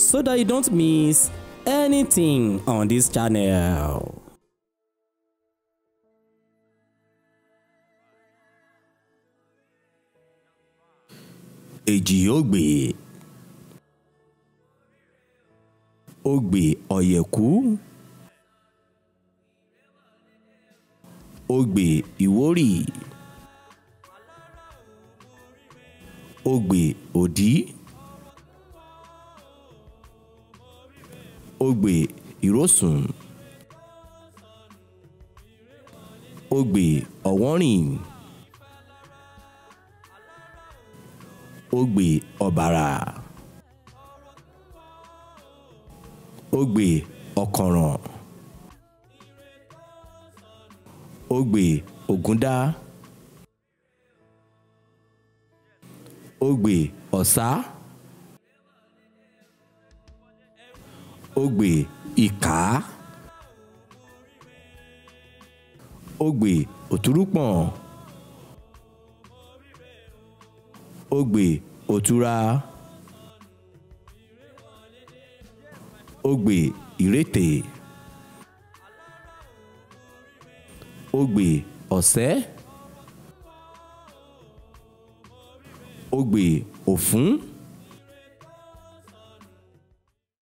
so that you don't miss anything on this channel. èjì yóò gbé ó gbé ọ̀yẹ̀kú ó gbé ìwórì ó Ogbe irosun ogbe ogbè ọ̀wọ́nrìn ogbe ọbara ogbe ọ̀kànràn ogbe ògúndá ogbe ọ̀sá. ogbe ìka ogbe òtúrúpọ̀n ogbe otura ogbe irete ogbe ọsẹ ogbe ofun.